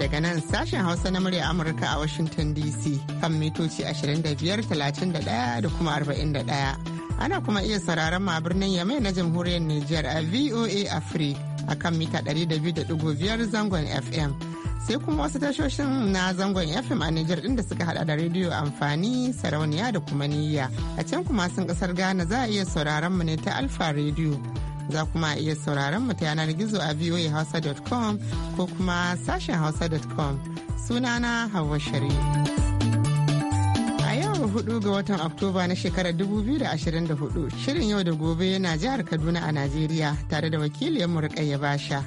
daga nan sashen Hausa na murya Amurka a Washington DC kan mitoci 25, 31 da kuma 41. ana kuma iya sauraron ma birnin yamai na jamhuriyar Nijar a VOA Africa a kan mita 200.5 zangon FM. Sai kuma wasu tashoshin na zangon FM a Nijar da suka hada da rediyo amfani, sarauniya da kuma niyya. A can kuma sun kasar Ghana za a iya sauraron mu ne ta Alfa Radio. za kuma iya sauraron mu ta yanar gizo a voahausa.com ko kuma sashen hausa.com sunana hawa sharif hudu ga watan Oktoba na shekarar 2024 shirin yau da gobe yana jihar Kaduna a Najeriya tare da wakiliyar ya Basha.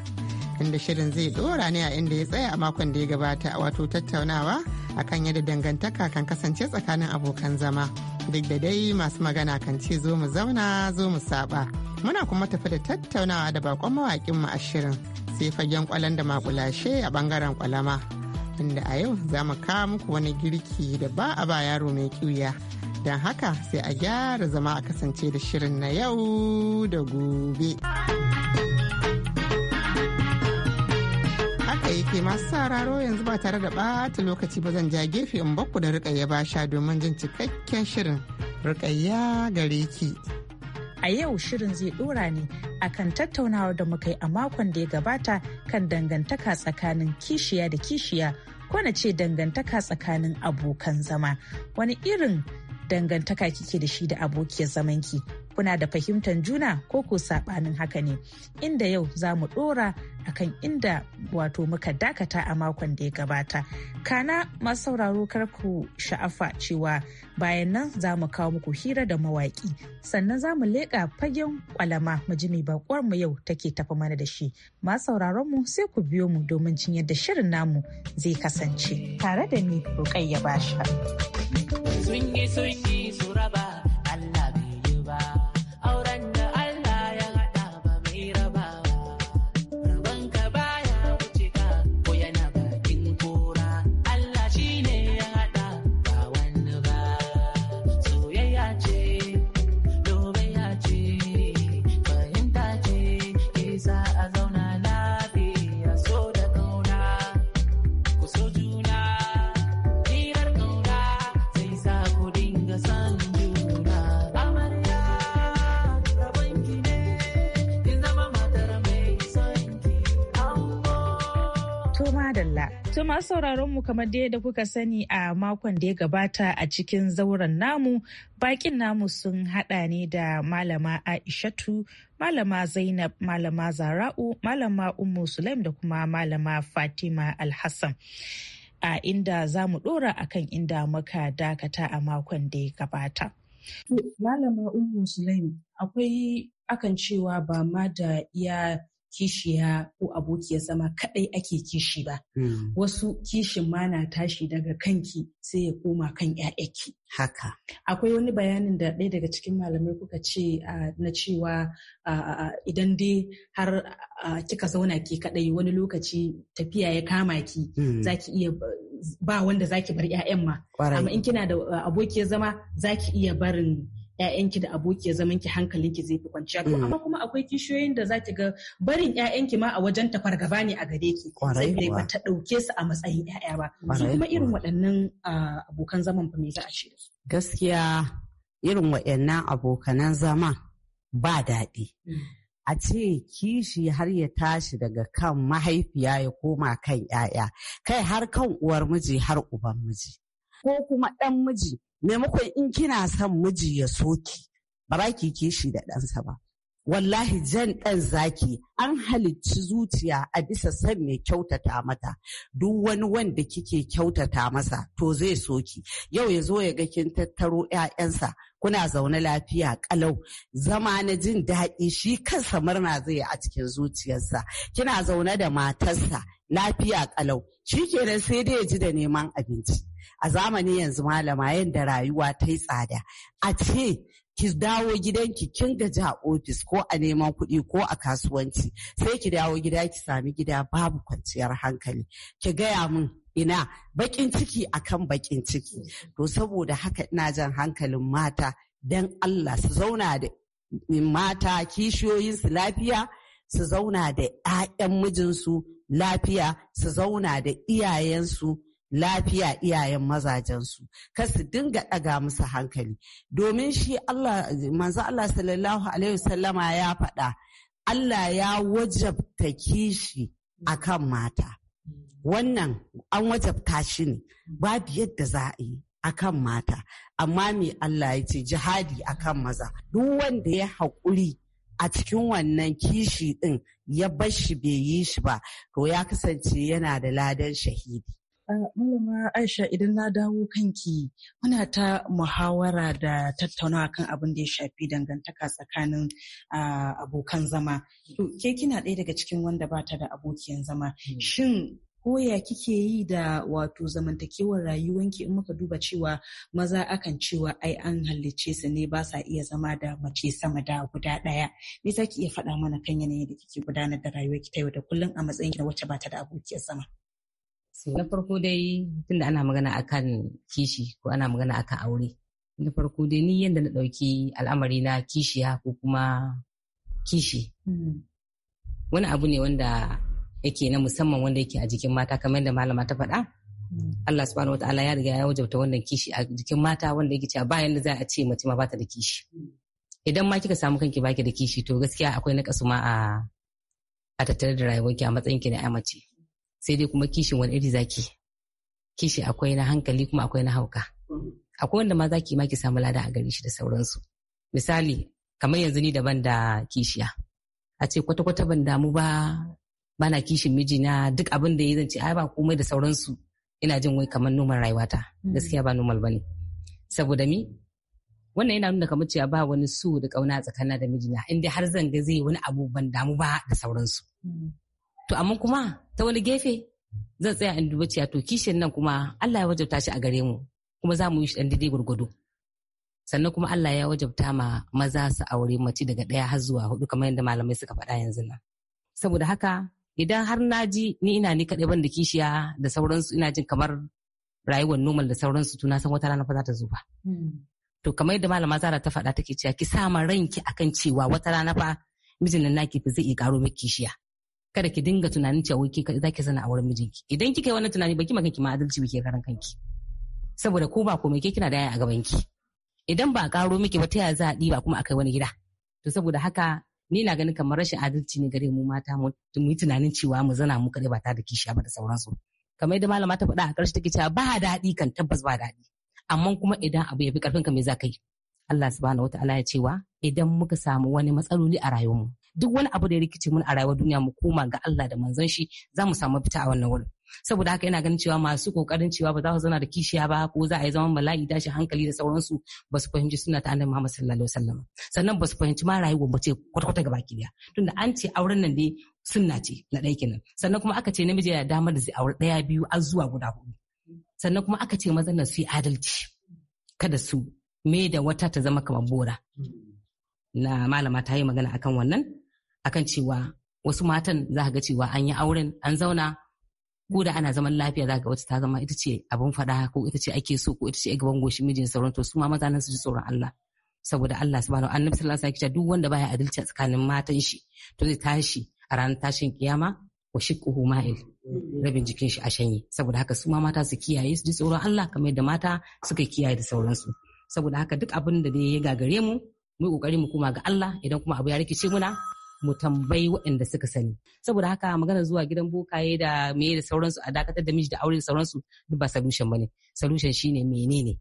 Inda shirin zai dora ne a inda ya tsaya a makon da ya gabata wato tattaunawa akan yadda dangantaka kan kasance tsakanin abokan zama duk da dai masu magana kan ce zo mu zauna zo mu saba muna kuma tafi da tattaunawa da bakon mawaƙin mu shirin sai fagen kwalan da makulashe a bangaren kwalama inda a yau za mu kawo muku wani girki da ba a ba yaro mai ƙiya don haka sai a gyara zama a kasance da shirin na yau da gobe. haka yake masu sauraro yanzu ba tare da ɓata lokaci ba zan ja gefe in bakku da rikayya basha domin jin cikakken shirin rikayya gare ki. A yau shirin zai dora ne akan tattaunawar da muka yi a makon da ya gabata kan dangantaka tsakanin kishiya da kishiya ko na ce dangantaka tsakanin abokan zama wani irin dangantaka kike da shi da abokiyar zamanki kuna da fahimtar juna ko ko sabanin haka ne inda yau za mu dora akan inda wato muka dakata a makon da ya gabata kana masu sauraro karku sha'afa cewa bayan nan za mu kawo muku hira da mawaƙi, sannan za mu leƙa fagen kwalama majimi bakuwar mu yau take tafi mana da shi masu sauraron mu sai ku biyo mu domin jin yadda shirin namu zai kasance tare da ni rukayya basha To masu sauraron mu kamar dai da kuka sani a makon da ya gabata a cikin zauren namu bakin namu sun hada ne da malama Aishatu, malama Zainab, malama Zara'u, malama Ummu Sulaim da kuma malama Fatima Alhassan. A inda za mu dora akan inda muka dakata a makon da ya gabata. Malama Ummu Sulaim akwai akan cewa ba ma da iya kishiya ko abokiyar zama kadai ake kishi ba. Hmm. Wasu kishin ma na tashi daga kanki sai ya koma kan 'ya'yaki. Haka. Akwai wani bayanin da ɗaya daga cikin malamai kuka ce na cewa idan dai har kika zauna ke kadai wani lokaci tafiya ya kama ki hmm. za ki iya ba wanda zaki bar 'ya'yan ma. Amma in kina da abokiyar zama zaki iya barin Ƴaƴanki da aboki zaman ki hankalinki zai fi kwanciya to mm. amma kuma akwai kishiyoyin da zaki ga barin ƴaƴanki ma a wajen ta fargaba ne a gare ki sai ba ta dauke su a matsayin ƴaƴa ba su kuma irin waɗannan abokan zaman fa me za a ce gaskiya irin waɗannan abokanan zama ba daɗi mm. a ce kishi har ya tashi daga kan mahaifiya ya koma kan ƴaƴa. kai har kan uwar miji har uban miji ko kuma ɗan miji maimakon in kina son miji ya soki ba za ki kishi da ɗansa ba wallahi jan ɗan zaki an halicci zuciya a bisa san mai kyautata mata duk wani wanda kike kyautata masa to zai soki yau ya zo ya ga kin tattaro 'ya'yansa kuna zaune lafiya kalau zama na jin daɗi shi kansa murna zai a cikin zuciyarsa kina zaune da matarsa lafiya kalau shi kenan sai dai ya ji da neman abinci a zamani yanzu malama yadda rayuwa ta yi tsada a ce ki dawo gidanki kin gaji a ofis ko a neman kuɗi ko a kasuwanci sai ki dawo gida ki sami gida babu kwanciyar hankali ki gaya min ina baƙin ciki akan baƙin ciki to saboda haka ina jan hankalin mata dan Allah su zauna da mata kishiyoyinsu lafiya su zauna da 'ya'yan mijinsu lafiya su zauna da iyayensu lafiya iyayen mazajensu kar su dinga ɗaga musu hankali domin shi Allah manzo Allah sallallahu alaihi wasallama ya faɗa Allah ya wajabta kishi akan mata wannan an wajabta shi ne babu yadda za a yi akan mata amma me Allah ya ce jihadi akan maza duk wanda ya haƙuri a cikin wannan kishi ɗin ya bar shi bai yi shi ba to ya kasance yana da ladan shahidi Malama Aisha idan na dawo kanki muna ta muhawara da tattaunawa kan abin da ya shafi dangantaka tsakanin abokan zama. Ke kina ɗaya daga cikin wanda ba ta da abokiyan zama. Hmm. Shin koya kike yi da wato zamantakewar rayuwanki in muka duba cewa maza akan cewa ai an halicce su ne ba sa iya zama da mace sama da guda ɗaya me za ki iya faɗa mana kan yanayin da kike gudanar da rayuwarki ta yau da kullum a matsayin ki wacce ba ta da abokiyar zama na farko dai tunda ana magana akan kishi ko ana magana akan aure na farko dai ni yadda na ɗauki al'amari na kishiya ko kuma kishi hmm. wani abu ne wanda yake na musamman wanda yake a jikin mata kamar yadda malama ta faɗa hmm. Allah subhanahu wataala ya riga ya wajabta wannan kishi a jikin mata wanda yake cewa bayan da za a ce mace ma bata da kishi hmm. idan ma kika samu kanki baki da kishi to gaskiya akwai na ma a tattare da rayuwarki a matsayin na ya mace sai dai kuma kishin wani iri zaki kishi akwai na hankali kuma akwai na hauka akwai wanda ma zaki ma ki samu lada a gari shi da sauransu misali kamar yanzu ni daban da kishiya a ce kwata-kwata ban damu ba bana kishin mijina duk abin da ya zance ai ba komai da sauransu ina jin wai kamar noman rayuwata hmm. gaskiya ba normal bane saboda mi wannan yana nuna kamar cewa ba wani su da kauna tsakanin da mijina inda har zan ga zai wani abu ban damu ba da sauransu hmm. to amma kuma ta wani gefe zan tsaya in duba cewa to kishin nan kuma Allah ya wajabta shi a gare mu kuma za mu yi shi dan daidai gurgudu sannan kuma Allah ya wajabta ma maza su aure mace daga ɗaya har zuwa hudu kamar yadda malamai suka faɗa yanzu nan saboda haka idan har na ji ni ina ni kaɗai ban kishiya da sauransu ina jin kamar rayuwar normal da sauransu tuna san wata rana fa za ta zo ba to kamar yadda malama zara ta faɗa take cewa ki sama ranki akan cewa wata rana fa mijin nan naki fa zai iya karo miki kishiya kada ki dinga tunanin cewa ki zaki zana a wurin mijinki idan kika yi wannan tunani baki makanki ma adalci bike karan kanki saboda ko ba komai ke kina da yaya a gaban ki idan ba karo miki ba ta yaya za a diba kuma akai wani gida to saboda haka ni na ganin kamar rashin adalci ne gare mu mata mu yi tunanin cewa mu zana mu kare ba ta da kishiya ba da sauransu kamar yadda malama ta faɗa a ƙarshe take cewa ba daɗi kan tabbas ba daɗi amma kuma idan abu ya fi ƙarfinka me za ka yi Allah subhanahu wataala ya cewa idan muka samu wani matsaloli a rayuwarmu duk wani abu da ya rikice mun a rayuwar duniya mu koma ga Allah da manzon shi za mu samu fita a wannan wurin saboda haka yana ganin cewa masu kokarin cewa ba za su zauna da kishiya ba ko za a yi zaman bala'i tashi hankali da sauransu ba su fahimci suna ta annabi Muhammad sallallahu alaihi wasallam sannan ba su fahimci ma rayuwar mace kwata-kwata gaba ki daya tunda an ce auren nan dai sunna ce na ɗaya kenan sannan kuma aka ce namiji yana damar da zai aure ɗaya biyu a zuwa guda hudu sannan kuma aka ce mazan nan su yi adalci kada su me da wata ta zama kamar bora na malama ta yi magana akan wannan akan cewa wasu matan za ga cewa an yi auren an zauna ko da ana zaman lafiya za ga wata ta zama ita ce abin faɗa ko ita ce ake so ko ita ce gaban goshi mijin sauran to su ma maza nan su ji tsoron Allah saboda Allah subhanahu annabi sallallahu alaihi wasallam duk wanda baya adalci a tsakanin matan shi to zai tashi a ranar tashin kiyama wa shiqquhu ma'il rabin jikin shi a shanye saboda haka su ma mata su kiyaye su ji tsoron Allah kamar yadda mata suka kiyaye da sauransu saboda haka duk abin da ya gagare mu mu kokari mu koma ga Allah idan kuma abu ya rikice muna mu tambayi waɗanda suka sani saboda haka magana zuwa gidan bokaye da me da sauransu a dakatar da miji da aure da sauransu duk ba solution bane solution shine menene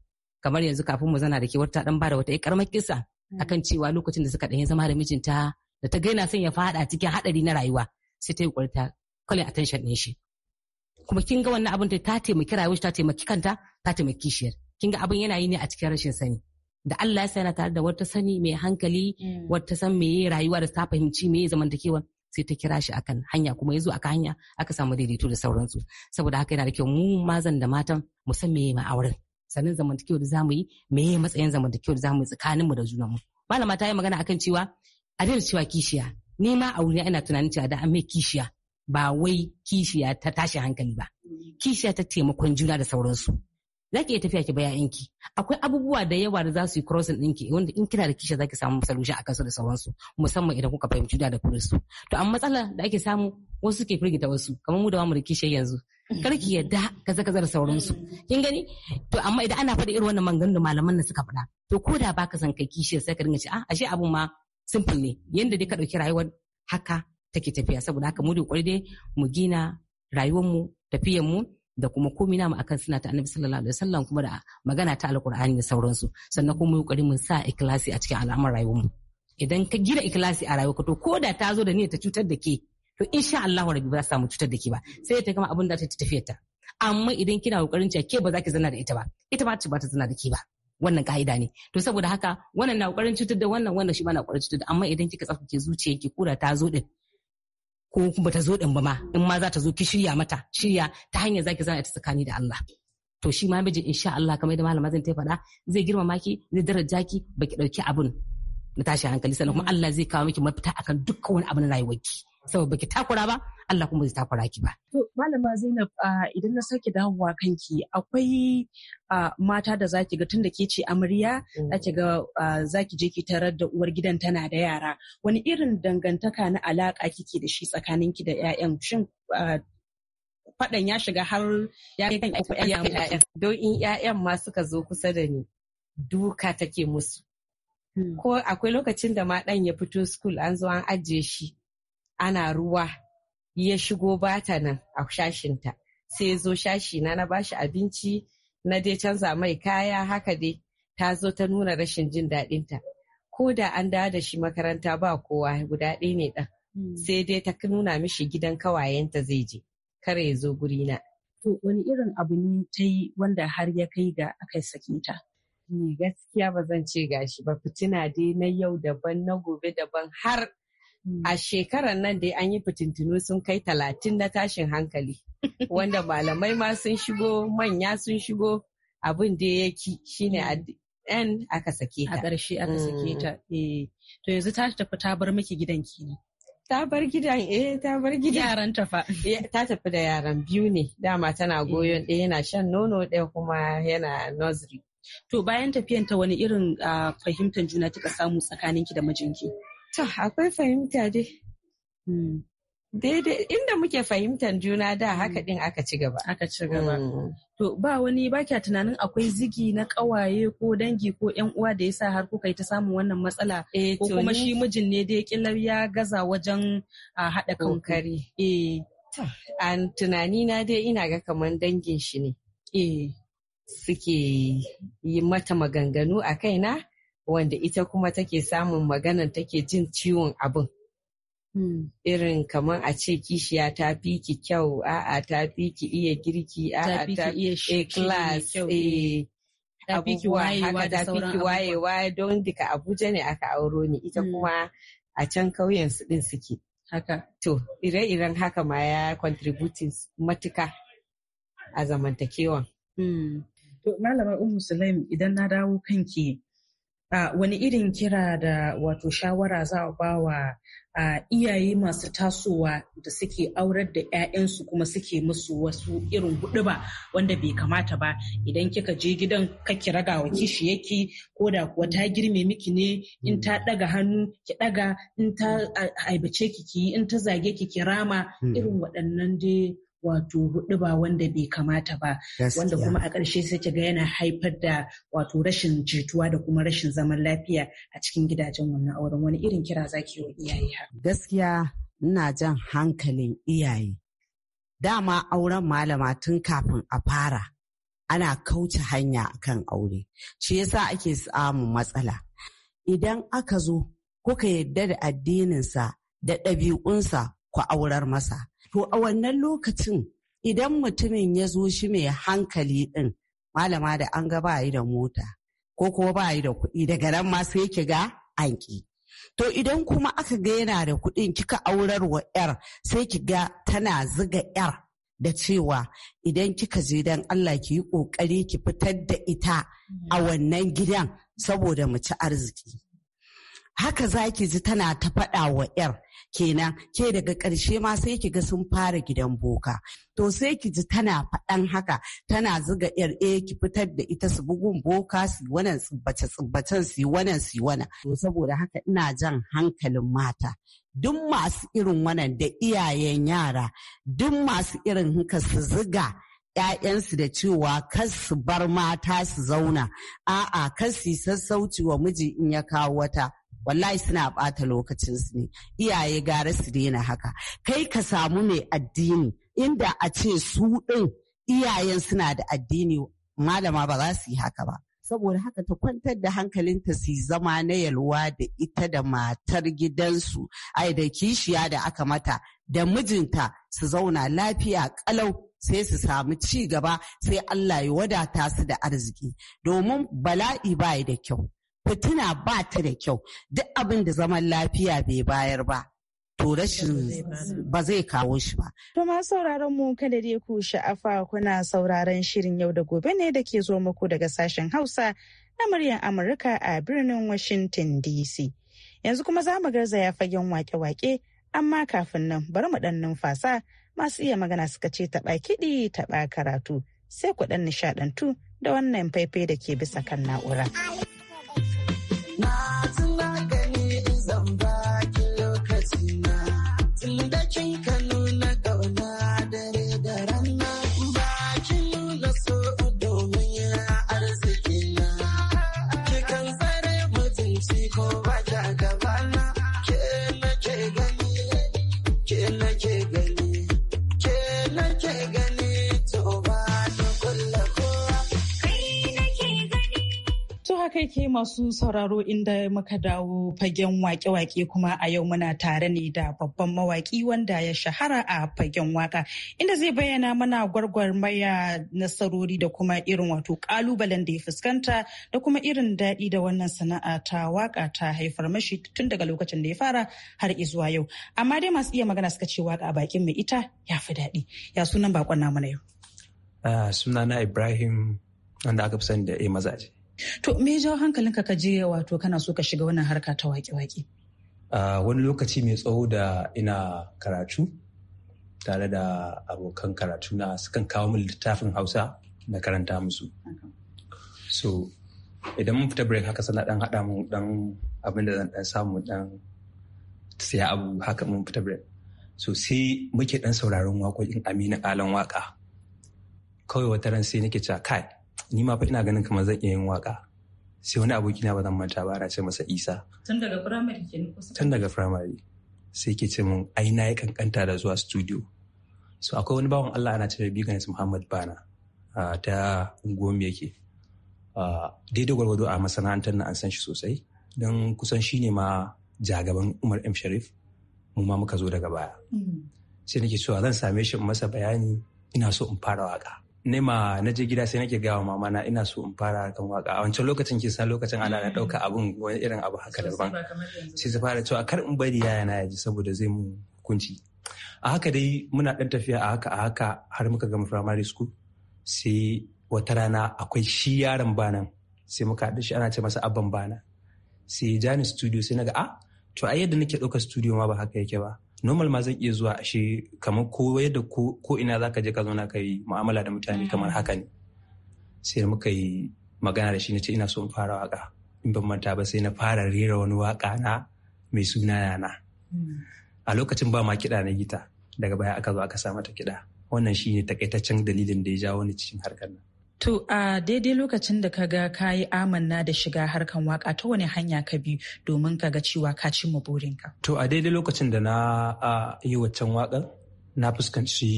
kamar yanzu kafin mu zana da ke wata dan bada wata karamar kisa mm. akan cewa lokacin da suka ɗanyen zama da mijinta da ta gaina son ya fada cikin haɗari na rayuwa sai ta yi kwarta kwalin attention din shi kuma kin ga wannan abin ta taimaki rayuwar ta taimaki kanta ta taimaki kishiyar kin ga abin yana yi ne a cikin rashin sani da Allah ya yana tare da wata sani mai hankali mm. wata san mai rayuwa da ta fahimci mai zamantakewa sai ta kira shi akan hanya kuma yazo aka hanya aka samu daidaito da sauransu saboda haka yana da kyau mu mazan da matan mu san meye ma auren sannan zamantakewa da zamu yi meye matsayin zamantakewa da zamu yi tsakanin mu da junan mu malama ta yi magana akan cewa a daina cewa kishiya ni ma a wuri ina tunanin cewa da an mai kishiya ba wai kishiya ta tashi hankali ba mm. kishiya ta taimakon juna da sauransu za ki iya tafiya ki baya ki akwai abubuwa da yawa da za su yi crossing ɗinki wanda in kina da kisha za ki samu solution a kansu da sauransu musamman idan kuka fahimci da kuma to amma matsala da ake samu wasu ke firgita wasu kamar mu da mamu da kishe yanzu kar ki yadda kaza kaza da sauransu kin gani to amma idan ana faɗi irin wannan maganganun da malaman nan suka faɗa to ko da baka san kai kishe sai ka dinga ce ah ashe abun ma simple ne yanda dai ka ɗauki rayuwar haka take tafiya saboda haka mu da kwari dai mu gina rayuwar mu da kuma komi namu akan suna ta annabi sallallahu alaihi wasallam kuma da magana ta alkur'ani da sauransu sannan kuma mu kokari mun sa ikilasi a cikin al'amuran rayuwar mu idan ka gina ikilasi a rayuwarka to ko da ta zo da niyyar ta cutar da ke to insha Allah rabi ba za samu cutar da ke ba sai ta kama abin da ta tafi ta amma idan kina kokarin cewa ke ba za ki zanna da ita ba ita ma ta ba ta zanna da ke ba wannan ka'ida ne to saboda haka wannan na kokarin cutar da wannan wannan shi ba na kokarin cutar da amma idan kika ke zuciyarki kura ta zo din ko kuma ta zo ba ma in ma za ta zo ki shirya mata shirya ta hanyar zaki zana ta tsakani da Allah to shi ma miji insha Allah kamar da malama zan ta faɗa zai girmama ki zai daraja ki baki dauki abun na tashi hankali sannan kuma Allah zai kawo miki mafita akan dukkan wani abu na rayuwarki saboda baki takura ba Allah kuma zai takura ki ba. To malama Zainab idan na sake dawowa kanki akwai mata da zaki ga tunda ke ce amarya mm. zaki ga zaki je ki tarar da uwar gidan tana da yara wani irin dangantaka na alaka kike da shi tsakanin ki da ƴaƴan? shin fadan ya shiga har ya ƴaƴan don in ƴaƴan ma suka zo kusa da ni duka take musu hmm. ko akwai lokacin da ma dan ya fito school an zo an ajiye shi ana ruwa ya shigo bata nan a shashinta sai ya zo shashi na na bashi abinci na dai canza mai kaya haka dai ta zo ta nuna rashin jin daɗinta ko da an dawo da shi makaranta ba kowa guda ɗaya ne ɗan hmm. sai dai ta nuna mishi gidan kawayenta zai je kar ya zo guri na. To wani irin abu ne ta yi wanda har ya kai ga aka sakin ta? Ni gaskiya ba zan ce gashi ba fitina dai na yau daban na gobe daban har Hmm. a shekarar nan dai an yi fitintinu sun kai talatin na tashin hankali wanda malamai ma sun shigo manya sun shigo abin da ya ki shine hmm. a ɗan aka sake ta a ƙarshe aka hmm. sake ta eh. to yanzu ta tafi ta bar miki gidan ne. ta bar gidan eh ta bar gidan yaran ta fa ta tafi da yaran biyu ne dama tana eh. goyon ɗaya yana shan nono ɗaya kuma yana nursery to bayan tafiyan ta wani irin ah, fahimtar juna kika samu tsakaninki da mijinki To, akwai fahimta dai. Hmm. Daidai inda muke fahimtar juna da hmm. haka din aka ci gaba. Aka ci gaba. Hmm. To ba wani ba kya tunanin akwai zigi na ƙawaye ko dangi ko yan uwa da ya sa har kuka yi ta samun wannan matsala eh, ko kuma shi mijin ne dai kilar ya gaza wajen haɗa kankari. Eh. An tunani na dai ina ga kamar dangin shi ne. Eh. Suke yi mata maganganu a kaina. wanda ita kuma take samun maganan take jin ciwon abin. Hmm. Irin kamar a ce kishiya ta fi ki kyau, a'a ta fi ki iya girki, a'a eh eh eh. ta fi ki iya shi. abubuwa haka ta fi ki wayewa don duka Abuja ne aka auro ni ita hmm. kuma a can kauyen su din suke. Haka. To, ire-iren haka ma ya contributing matuka a zamantakewan. Hmm. To, Malama Ummu Sulaim idan na dawo kanki wani irin kira da wato shawara za a ba wa iyaye masu tasowa da suke aurar da 'ya'yansu kuma suke musu wasu irin ba wanda bai kamata ba idan kika je gidan ka ki ragawa kishi yake ko da kuwa ta girme miki ne in ta daga hannu ki daga in ta aibace ki ki in ta zage ki ki rama hmm. irin waɗannan dai wato ba wanda bai kamata ba wanda kuma a ƙarshe sai ki ga yana haifar da wato rashin jituwa da kuma rashin zaman lafiya a cikin gidajen wannan auren wani irin kira zaki yi wa iyaye haka gaskiya ina jan hankalin iyaye dama auren malama tun kafin a fara ana kauce hanya kan aure shi yasa ake samun matsala idan aka zo kuka yarda da addininsa da ɗabi'unsa ku aurar masa To a wannan lokacin idan mutumin ya zo shi mai hankali ɗin malama da an ga ba yi da mota ko kuma ba yi da kuɗi daga nan ma sai ki ga an ki. To idan kuma aka ga yana da kuɗin kika aurar wa 'yar sai ki ga tana ziga 'yar da cewa idan kika je dan Allah ki yi ƙoƙari ki fitar da ita a mm. wannan gidan saboda mu ci arziki. haka za ki ji tana ta faɗa wa 'yar kenan ke daga ƙarshe ma sai ki ga sun fara gidan boka to sai ki ji tana faɗan haka tana zuga 'yar eh ki fitar da ita su bugun boka su wannan tsibbace tsibbacen su wannan su wannan to saboda haka ina jan hankalin mata duk masu irin wannan da iyayen yara duk masu irin haka su zuga ‘ya'yansu da cewa kas su bar mata su zauna, a'a kas su sassauci wa miji in ya kawo wata. wallahi suna bata lokacin su ne iyaye gara su daina haka kai ka samu mai addini inda a ce su ɗin iyayen suna da addini malama ba za su yi haka ba saboda haka ta kwantar da hankalinta su zama na yalwa da ita da matar gidansu ai da kishiya da aka mata da mijinta su zauna lafiya kalau sai su samu ci gaba sai Allah ya wadata su da arziki domin bala'i bai da kyau fitina ba ta da kyau duk abin da zaman lafiya bai bayar ba to rashin ba zai kawo shi ba. To ma sauraron mu kada dai ku sha'afa kuna sauraron shirin yau da gobe ne da ke zo muku daga sashen Hausa na muryar Amurka a birnin Washington DC. Yanzu kuma za mu garzaya fagen wake-wake amma kafin nan bari mu dan numfasa masu iya magana suka ce taɓa kiɗi taɓa karatu sai ku dan nishaɗantu da wannan faifai da ke bisa kan na'ura. I got gabana ke masu sauraro inda muka dawo fagen wake-wake kuma a yau muna tare ne da babban mawaki wanda ya shahara a fagen waka inda zai bayyana mana gwargwarmaya nasarori da kuma irin wato kalubalen da ya fuskanta da kuma irin daɗi da wannan sana'a ta waka ta haifar mashi tun daga lokacin da ya fara har izuwa yau amma dai masu iya magana suka ce waka a bakin mai ita ya fi daɗi ya sunan bakon namu na yau ah, sunana ibrahim wanda aka fi sani da a mazaje To me jawo hankalin ka je wato kana so ka shiga wannan harka ta waƙe-waƙe? wani lokaci mai tsawo da ina karatu tare da abokan karatu na sukan kawo min littafin Hausa na karanta musu. So idan mun fita break haka sana dan haɗa mu dan abin da dan samu dan siya abu haka mun fita break. So sai muke dan sauraron waƙoƙin Aminu Alan waka. Kawai wata ran sai nake cewa kai ni ma fa ina ganin kamar zan iya yin waka sai wani aboki na ba zan manta ba ana ce masa isa tun daga firamare ke tun daga firamare sai ke ce mun ai na yi kankanta da zuwa studio so akwai wani bawan Allah ana cewa biganis Muhammad Bana ta Ngomi yake daidai gwargwado a masana'antar na an san shi sosai don kusan shi ne ma jagaban Umar M Sharif mu ma muka zo daga baya mm. sai nake cewa zan same shi masa bayani ina so in fara waka nema na je gida sai nake gawa mama na ina so in fara harkan waka a wancan lokacin ke san lokacin ana na dauka abun wani irin abu haka daban sai su fara cewa kar in bari yaya na yaji saboda zai mu kunci a haka dai muna dan tafiya a haka a haka har muka gama primary school sai wata rana akwai shi yaron banan sai muka haɗu shi ana ce masa abban bana sai ya ja ni studio sai naga a ah, to a yadda nake ɗauka studio ma ba haka yake ba normal ma zan iya zuwa ashe kamar ko yadda ko ina zaka je ka zauna ka yi mu'amala da mutane kamar mm. haka ne sai muka yi magana da shi na ce ina so in fara waka in ban manta ba sai na fara rera wani waka na mai suna na mm. a lokacin ba ma kiɗa na gita daga baya aka zo aka sa mata kiɗa wannan shi ne takaitaccen dalilin da ya jawo ni cikin harkar nan To a daidai lokacin da ka ga ka yi amanna da shiga harkan waka ta wani hanya ka bi domin ka ga cewa ka cimma burinka? To a daidai lokacin da na yi waccan wakan na fuskanci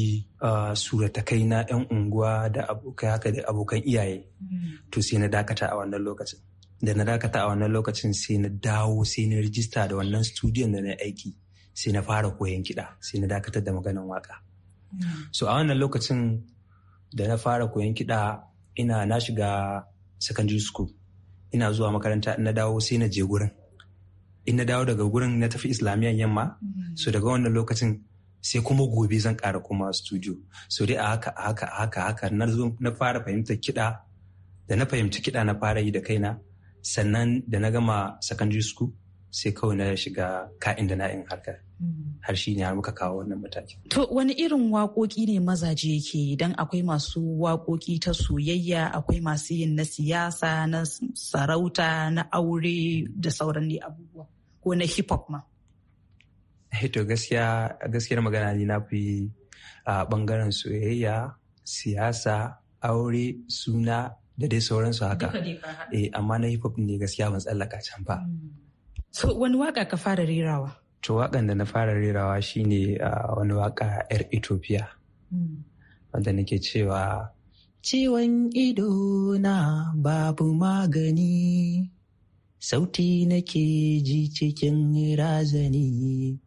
suratakai na 'yan unguwa da abokai haka da abokan iyaye. Mm. To sai na dakata a wannan lokacin. Da na dakata a wannan lokacin sai na dawo sai na rijista da wannan studio da na aiki sai na fara koyon kiɗa sai na dakatar da maganin waka. Mm. So a wannan lokacin da na fara koyon kiɗa ina na shiga secondary school ina zuwa makaranta na dawo sai na je gurin in na dawo daga gurin na tafi islamiyan yamma mm-hmm. so daga wannan lokacin sai kuma gobe zan kara kuma studio so dai a haka haka haka haka na fara fahimtar kiɗa da na fahimci kiɗa na fara yi da kaina sannan da na gama secondary school sai kawai na shiga ka'in da na'in harkar har shi ne har muka kawo wannan matakin. To wani irin waƙoƙi ne mazaje yake idan akwai masu waƙoƙi ta soyayya akwai masu yin na siyasa na sarauta na aure da sauran ne abubuwa ko na hip hop ma. Eh, to gaskiya gaskiyar magana ne na fi a bangaren soyayya siyasa aure suna da dai sauransu haka eh amma na hip hop ne gaskiya ban tsallaka can ba. Hmm. So wani waka ka fara rerawa? to waƙan da na fara rerawa shine wani waƙa 'yar ethiopia hmm. wanda nake cewa ciwon ido na babu magani sauti nake ji cikin razani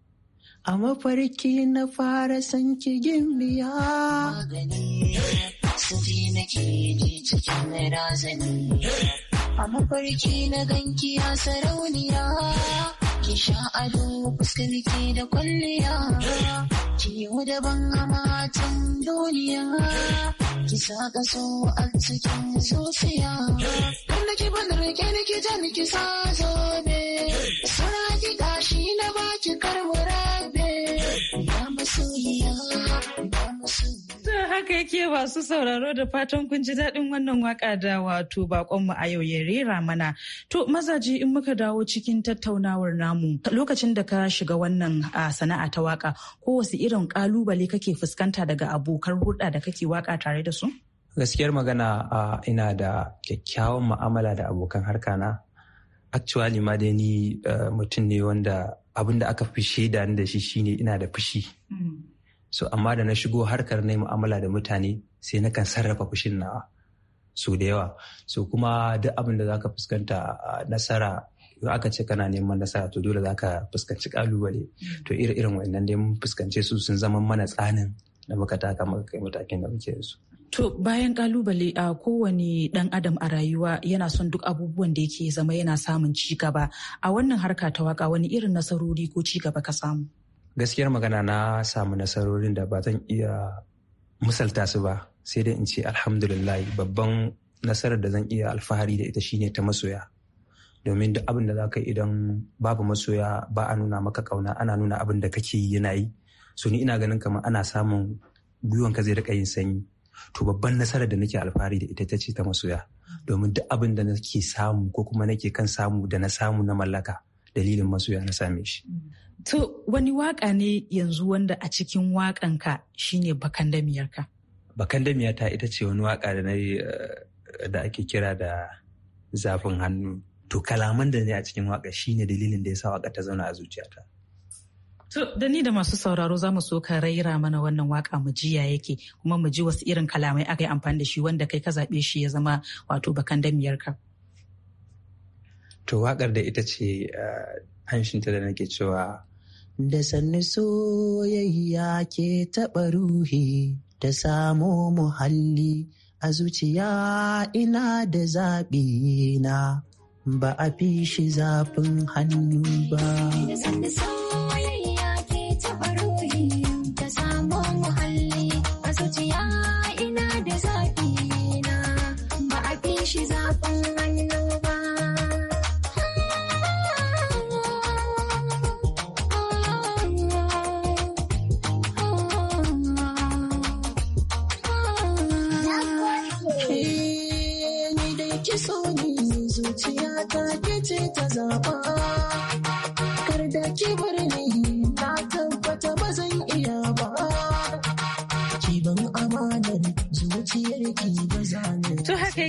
a mafarki na fara san kigin biya magani sauti nake ji cikin razani a mafarki na ganki a sarauniya Ki sha ado fuskarki da kwalliya. Ki daban a matan duniya. Ki sa kaso a cikin zuciya. Kanda ki ban rike ni ki ja ni ki sa Sura ki gashi na baki karwara be. Ya masoyiya. haka yake masu sauraro da fatan kun ji daɗin wannan waka da wato bakonmu a yau ya rera mana. To mazaji in muka dawo cikin tattaunawar namu lokacin da ka shiga wannan sana'a ta waka ko wasu irin kalubale kake fuskanta daga abokan hulɗa da kake waka tare da su? Gaskiyar magana ina da kyakkyawan mu'amala da abokan harka na. Actually ma dai ni eh, mutum ne wanda abin da aka fi shaida da shi shine ina da fushi. Hmm. so amma da na shigo harkar na mu'amala da mutane sai na kan sarrafa fushin na su da yawa so kuma duk abin da zaka fuskanta nasara yau aka ce kana neman nasara to dole zaka fuskanci kalubale to irin wannan dai mun fuskance su sun zama mana tsanin da muka taka muka kai matakin da muke su To bayan kalubale a kowane ɗan adam a rayuwa yana son duk abubuwan da yake zama yana samun ci gaba a wannan harka ta waka wani irin nasarori ko ci gaba ka samu? gaskiyar magana na samu nasarorin da ba zan iya misalta su ba sai dai in ce alhamdulillah babban nasarar da zan iya alfahari da ita shine ta masoya domin duk abin da za ka idan babu masoya ba a nuna maka kauna ana nuna abin da kake yi yana yi so ni ina ganin kamar ana samun gwiwan ka zai rika yin sanyi to babban nasarar da nake alfahari da ita ta ce ta masoya domin duk abin da nake samu ko kuma nake kan samu da na samu na mallaka dalilin masoya na same shi. To wani waka ne yanzu wanda a cikin wakanka shine bakandamiyarka? Bakandamiyata ita ce wani waka da eh, da ake kira da zafin hannu. To kalaman da ne a cikin waka shine dalilin da ya sa waka ta zauna a zuciyata. To da ni da masu sauraro za mu so ka raira mana wannan waka mu ji ya yake kuma mu ji wasu irin kalamai aka yi amfani da shi wanda kai ka zaɓe shi ya zama wato bakandamiyarka. To waƙar da ita ce hanshinta eh, da nake cewa. Da sannu soyayya ke taɓa ruhi da samo muhalli a zuciya ina da zaɓi na ba a fi shi zafin hannu ba.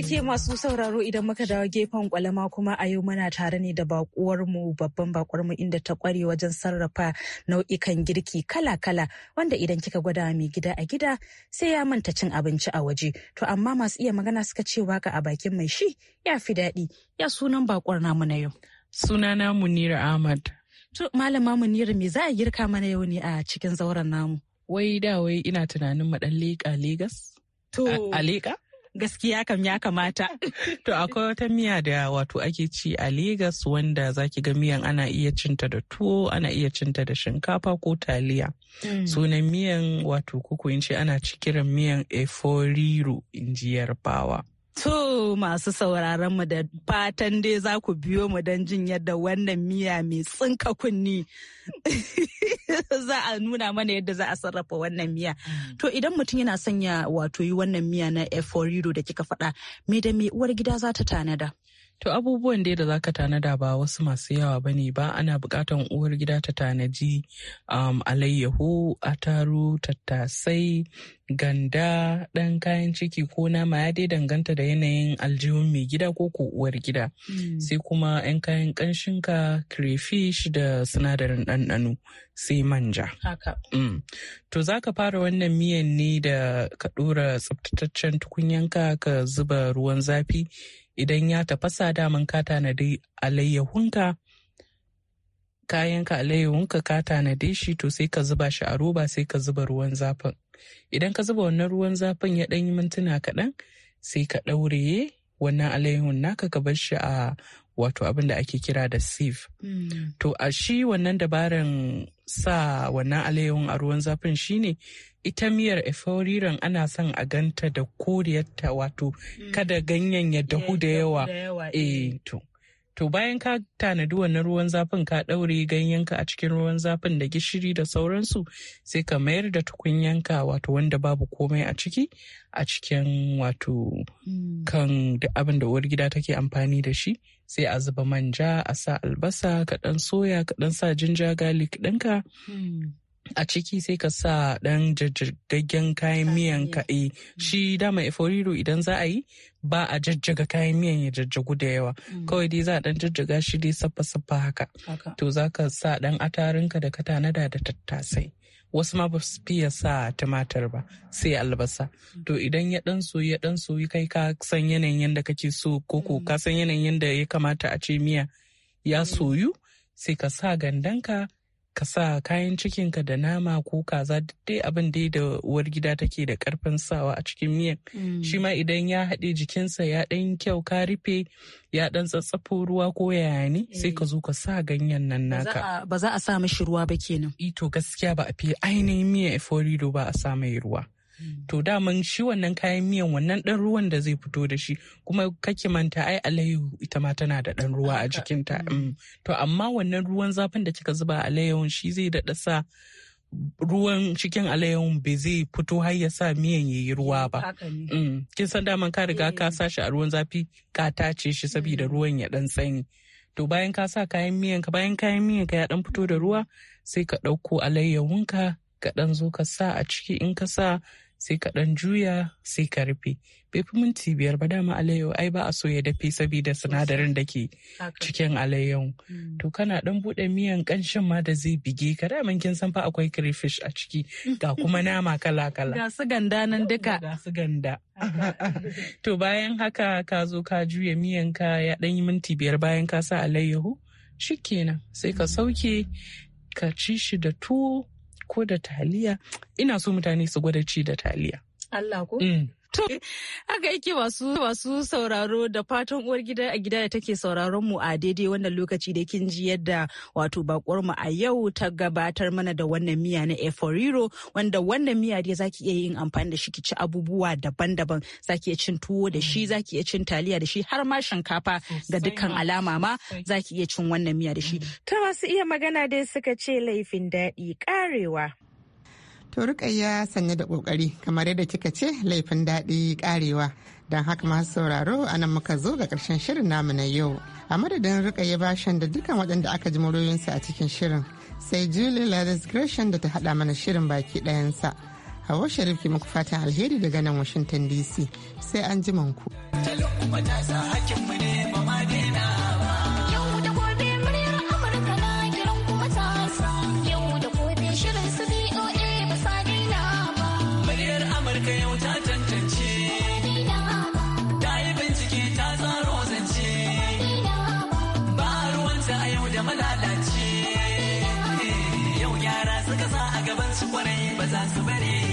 gaske masu sauraro idan muka dawo gefen kwalama kuma a yau muna tare ne da bakuwar mu babban bakuwar mu inda ta kware wajen sarrafa nau'ikan girki kala-kala wanda idan kika gwada mai gida a gida sai ya manta cin abinci a waje to amma masu iya magana suka ce waka a bakin mai shi ya fi daɗi ya sunan bakuwar namu na yau sunana munira ahmad to malama munira me za a girka mana yau ne a cikin zauren namu wai da wai ina tunanin madan leƙa legas to a leƙa gaskiya kam ya kamata. to akwai wata miya da wato ake ci a Legas wanda zaki ga miyan ana iya cinta da tuwo ana iya cinta da shinkafa ko taliya. Mm. Sunan miyan wato kuku in ce ana ci kiran miyan eforiro in ji yarbawa. To masu sauraron mu da fatan dai za ku biyo mu don jin yadda wannan miya mai tsinka kunni za a nuna mana yadda za a sarrafa wannan miya. Mm. To idan mutum yana sanya wato yi wannan miya na eforido da kika faɗa, me da me uwar gida za ta tanada? To abubuwan dai da za ka tanada ba wasu masu yawa ba ne ba ana bukatan uwar gida ta tanaji um, alayyahu, ataru, tattasai, ganda, ɗan kayan ciki ko nama ya dai danganta da yanayin aljihun mai gida ko ko uwar gida. Mm. Sai kuma 'yan kayan ƙanshinka, crayfish da sinadarin ɗanɗano sai manja. Haka. Mm. To za ka fara wannan miyan ne da ka ɗora tsaftataccen tukunyanka ka zuba ruwan zafi. idan ya tafasa daman ka tanadi alayyahunka kayanka alayyahunka ka tanade shi to sai ka zuba shi a roba sai ka zuba ruwan zafin idan ka zuba wannan ruwan zafin ya ɗan mintuna kaɗan sai ka ɗaure wannan alayyahun naka ka bar shi a wato abin da ake kira da sieve. Hmm. To a shi wannan dabaran sa wannan alayyawan a ruwan zafin shine ita miyar eforiran ana son a ganta da koriyarta wato mm. kada ganyen ya dahu da yawa eh, eh. to to bayan ka tanadi wannan ruwan zafin ka ɗaure ganyenka a cikin ruwan zafin da gishiri da sauransu sai ka mayar da tukunyanka wato wanda babu komai a ciki a cikin wato mm. kan abin da uwar gida take amfani da shi sai a zuba manja a sa albasa ka ɗan soya ka ɗan sa jinja garlic ɗinka mm. a ciki sai ka sa ɗan jajjagaggen kayan miyan ka e shi dama eforiro idan za a yi ba a jajjaga kayan miyan ya jajjagu da yawa mm. kawai dai za a ɗan jajjaga shi dai saffa saffa haka to za ka sa ɗan atarinka da ka tanada da tattasai wasu ma ba su fiye sa tumatir ba sai albasa mm. to idan ya ɗan soyi ya ɗan soyi kai ka san yanayin yadda kake so koko ka san yanayin yadda ya kamata a ce miya ya soyu sai ka sa gandanka ka sa kayan cikinka da nama ko kaza dai abin dai da uwar gida take da karfin sawa a cikin miyan mm. shi ma idan ya haɗe jikinsa ya ɗan kyau ka rufe ya ɗan tsatsafo ruwa ko yaya ne sai ka eh. zo ka sa ganyen nan naka ba za a sa mishi ruwa ba kenan ito gaskiya ba a fi ainihin miyan eforido ba a sa mai ruwa to daman shi wannan kayan miyan wannan ɗan ruwan da zai fito da shi kuma kake manta ai Alayyu, ita ma tana da ɗan ruwa a jikinta mm. Mm. to amma wannan ruwan zafin da kika zuba alayyahun shi zai daɗa sa ruwan cikin alayyahun bai zai fito har ya sa miyan ya yi ruwa ba. Mm. Kin san daman ka riga ka eh. sa shi a ruwan zafi ka tace shi saboda ruwan ya ɗan tsani. to bayan ka sa kayan miyan ka bayan kayan miyan ka ya ɗan fito da ruwa sai ka ɗauko alayyahunka ka dan zo ka sa a ciki in ka sa sai ka ɗan juya sai ka rufe bai fi minti biyar ba dama alayyo ai ba a so ya dafe saboda sinadarin da ke cikin alayyahu hmm. to kana ɗan buɗe miyan ƙanshin ma da zai bige ka daman kin san fa akwai crayfish a ciki ga kuma nama kala kala ga su ganda nan duka ga su ganda to bayan haka ka zo ka juya miyan ka ya ɗan yi minti biyar bayan ka sa alayyahu shikenan sai ka hmm. sauke ka ci shi da tuwo ko da taliya ina so mutane su gwada ci da taliya. Allah ko? Mm. To, haka yake masu sauraro da fatan uwar gida a gida da take sauraron mu a daidai wannan lokaci da kin ji yadda wato bakwar mu a yau ta gabatar mana da wannan miya na eforiro wanda wannan miya dai zaki iya yin amfani da shi ki ci abubuwa daban-daban zaki iya cin tuwo da shi mm. zaki iya cin taliya da shi har ma shinkafa ga dukkan alama ma zaki iya cin wannan miya da shi. Mm. Ta wasu iya magana dai suka ce laifin daɗi karewa. To ya sanye da ƙoƙari kamar yadda kika ce laifin daɗi ƙarewa don haka masu sauraro a nan muka zo ga ƙarshen shirin namu na yau. A madadin ya bashan da dukkan waɗanda aka ji muryoyinsa a cikin shirin sai Julie ladis Gresham da ta haɗa mana shirin baki ɗayansa. Hawa Sharif ke muku fatan alheri daga nan Washington DC sai an ji manku. cause I'm so